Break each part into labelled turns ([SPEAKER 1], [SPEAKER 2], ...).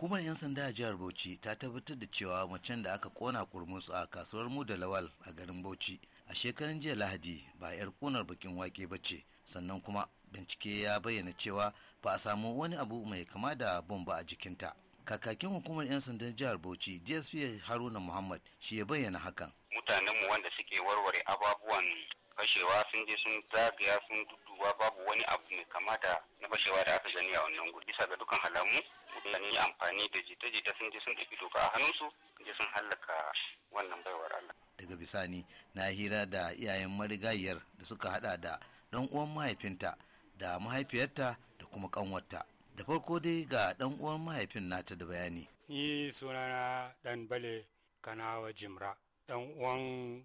[SPEAKER 1] hukumar 'yan sanda a jihar bauchi ta tabbatar da cewa macen da aka kona kurmusu a kasuwar mu da lawal a garin bauchi a shekarun jiya lahadi ba 'yar kunar bakin wake ba ce sannan kuma bincike ya bayyana cewa ba a samu wani abu mai kama da bomba a jikinta kakakin hukumar 'yan sandan jihar bauchi dsp haruna muhammad shi ya bayyana hakan
[SPEAKER 2] mutanenmu wanda suke warware ababuwan fashewa sun je sun zagaya sun duduwa babu wani abu mai kamata na fashewa da aka gani a wannan gudu bisa ga dukkan halamu mutane amfani
[SPEAKER 1] da jita-jita sun je sun ɗauki doka a hannunsu sun je sun hallaka wannan baiwar allah daga bisani na hira da iyayen marigayiyar da suka hada da dan uwan mahaifinta da mahaifiyarta da kuma kanwarta da farko dai ga ɗan uwan mahaifin nata da bayani
[SPEAKER 2] ni sunana ɗan bale kanawa jimra ɗan uwan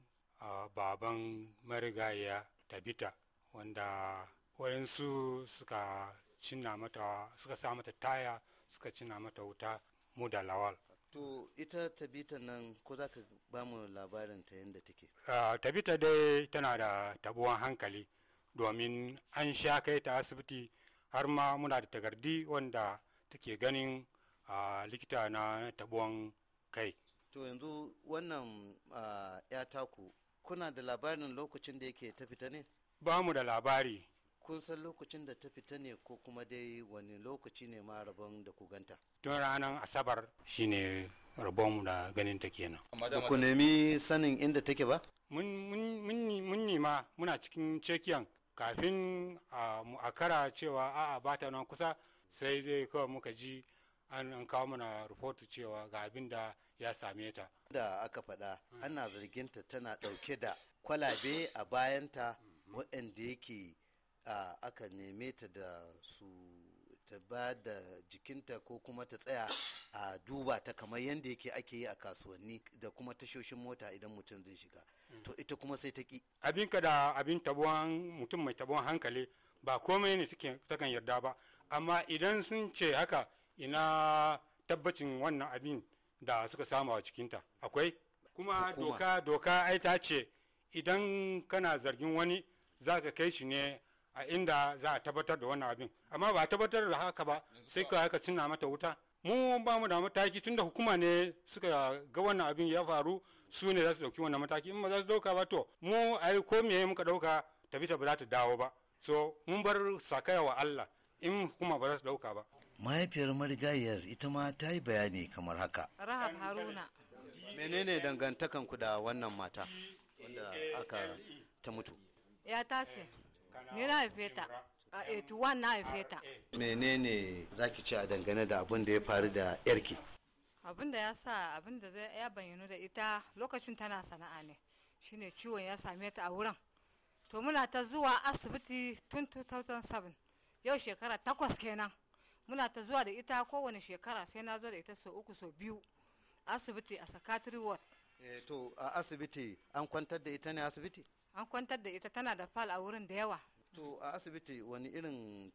[SPEAKER 2] baban marigaya tabita wanda waɗansu suka cinna mata suka sa mata taya suka cinna mata wuta mu da lawal
[SPEAKER 1] to ita tabita nan ko za ka ba mu labarin ta yadda take
[SPEAKER 2] tabita dai tana da tabuwan hankali domin an sha kai ta asibiti har ma muna da takardi wanda take ganin a
[SPEAKER 1] likita na tabuwan kai to yanzu wannan ya taku kuna da labarin lokacin da yake ta fita ne ba mu da labari kun san lokacin da ta fita ne ko kuma dai wani lokaci ne ma rabon da ku ganta
[SPEAKER 2] tun ranar asabar shine rabon da ganin ta kenan ku nemi sanin inda take ba mun nima muna cikin cekiyan kafin a kara cewa a'a ba ta nan kusa sai dai kawai muka ji an kawo mana rahoto cewa ga abin da ya same ta
[SPEAKER 1] da aka faɗa ana zarginta tana ɗauke da kwalabe a bayanta waɗanda yake aka neme ta da su ta ba da jikinta ko kuma ta tsaya a duba ta kamar yadda yake ake yi a kasuwanni da kuma tashoshin mota idan mutum zai shiga to ita kuma sai ta ki abin ka da abin tabuwan mutum mai tabuwan hankali
[SPEAKER 2] ba komai ne takan yarda ba amma idan sun ce haka ina tabbacin wannan abin da suka samu a cikinta akwai kuma doka doka ai ta ce idan kana zargin wani za ka kai shi ne a inda za a tabbatar da wannan abin amma ba a tabbatar da haka ba sai ka haka cinna mata wuta mu ba mu da mataki tunda hukuma ne suka ga wannan abin ya faru su ne za su ɗauki wannan mataki in ba za su ɗauka ba to mu ai ko me muka ɗauka tafi ta ba za ta dawo ba so mun bar sakaya wa Allah in kuma ba za su ɗauka ba.
[SPEAKER 1] mahaifiyar marigayiyar ita ma ta yi bayani kamar haka.
[SPEAKER 3] rahab haruna.
[SPEAKER 1] menene dangantakanku da wannan mata wanda aka ta mutu.
[SPEAKER 3] ya tashi ni na haife ta a 81 na haife ta.
[SPEAKER 1] menene zaki ci a dangane da abin da ya faru da yarki.
[SPEAKER 3] abin da ya sa abin da zai ya bayyana da ita lokacin tana sana'a ne shine ciwon ya same ta a wurin to muna ta zuwa asibiti tun 2007 yau shekara takwas kenan muna ta zuwa da ita kowane shekara sai na zo da ita sau uku sau biyu asibiti a sakatari ward
[SPEAKER 1] eh, to a asibiti an kwantar da ita ne asibiti
[SPEAKER 3] an kwantar da ita tana da fal a wurin da yawa
[SPEAKER 1] to a asibiti wani irin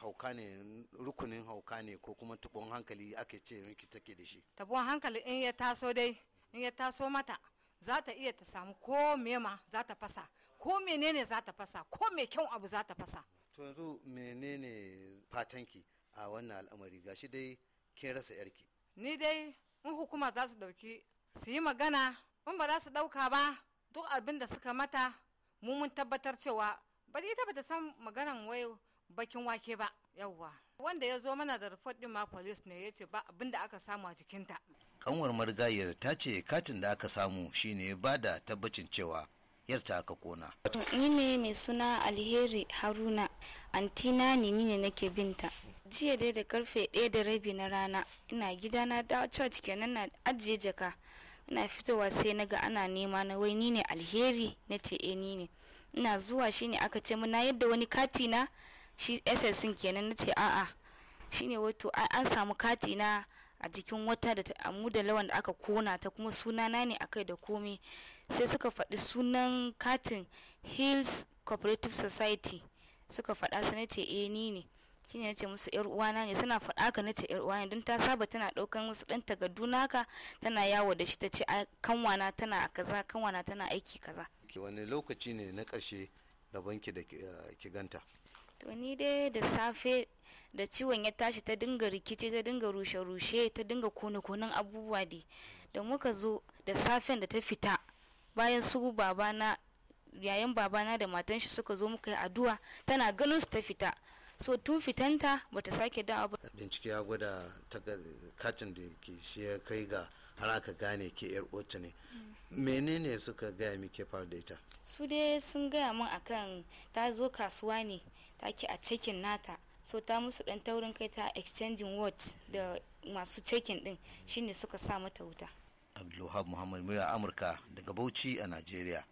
[SPEAKER 1] hauka ne rukunin hauka ne ko kuma tubon hankali ake ce miki take da shi
[SPEAKER 3] tabon hankali in ya taso dai in ya taso mata za ta iya ta samu ko mema za ta fasa ko menene za ta fasa ko mai kyau abu za ta fasa
[SPEAKER 1] to yanzu menene fatanki a wannan al'amari gashi dai kin rasa
[SPEAKER 3] yarki ni dai in hukuma za su dauki su yi magana in ba za su dauka ba duk abin da suka mata mu mun tabbatar cewa ba ita ba ta san maganan wai bakin wake ba yawwa wanda ya zo mana da report din ma police ne ya ce ba abin
[SPEAKER 4] da aka samu a jikinta
[SPEAKER 1] kanwar marigayar ta ce katin da aka samu shine ba da tabbacin cewa yarta aka kona
[SPEAKER 4] ni ne mai suna alheri haruna antina ne ni ne nake binta jiya dai da karfe ɗaya da rabi na rana ina gida na da church kenan na ajiye jaka ina fitowa sai naga ana nema na wai ni ne alheri na ce eh ni ne ina zuwa shine aka ce mun na yadda wani kati na shi ss kenan na ce a'a shine wato an samu kati na a jikin wata da amu da lawan da aka kona ta kuma suna na ne akai da komai sai suka faɗi sunan katin hills cooperative society suka faɗa su na ce eh ni ne shine ya ce musu yar uwana ne suna faɗa ka nace yar uwana don ta saba tana ɗaukan wasu ɗan takardu naka tana yawo da shi ta ce kanwana tana a kaza kanwana tana aiki kaza
[SPEAKER 1] wani lokaci ne na ƙarshe da banki da ki eh, ganta
[SPEAKER 4] to ni dai da safe da ciwon ya tashi ta dinga rikici ta dinga rushe-rushe ta dinga kone-konen abubuwa dai da muka zo da safen da ta fita bayan su babana yayin babana da matan shi suka zo muka yi addu'a tana ganin su ta fita so tun fitanta bata sake da ba
[SPEAKER 1] bincike ya gwada katin da ke shi ya kai ga har aka gane ke yar ota ne mm. menene suka gaya muke faru da ita
[SPEAKER 4] su dai sun gaya min akan ta zo kasuwa ne ta ki a cikin nata so ta musu dan taurin kai ta exchanging words da masu cikin din shine suka sa mata wuta
[SPEAKER 1] abdulwahab muhammad murya amurka daga bauchi a nigeria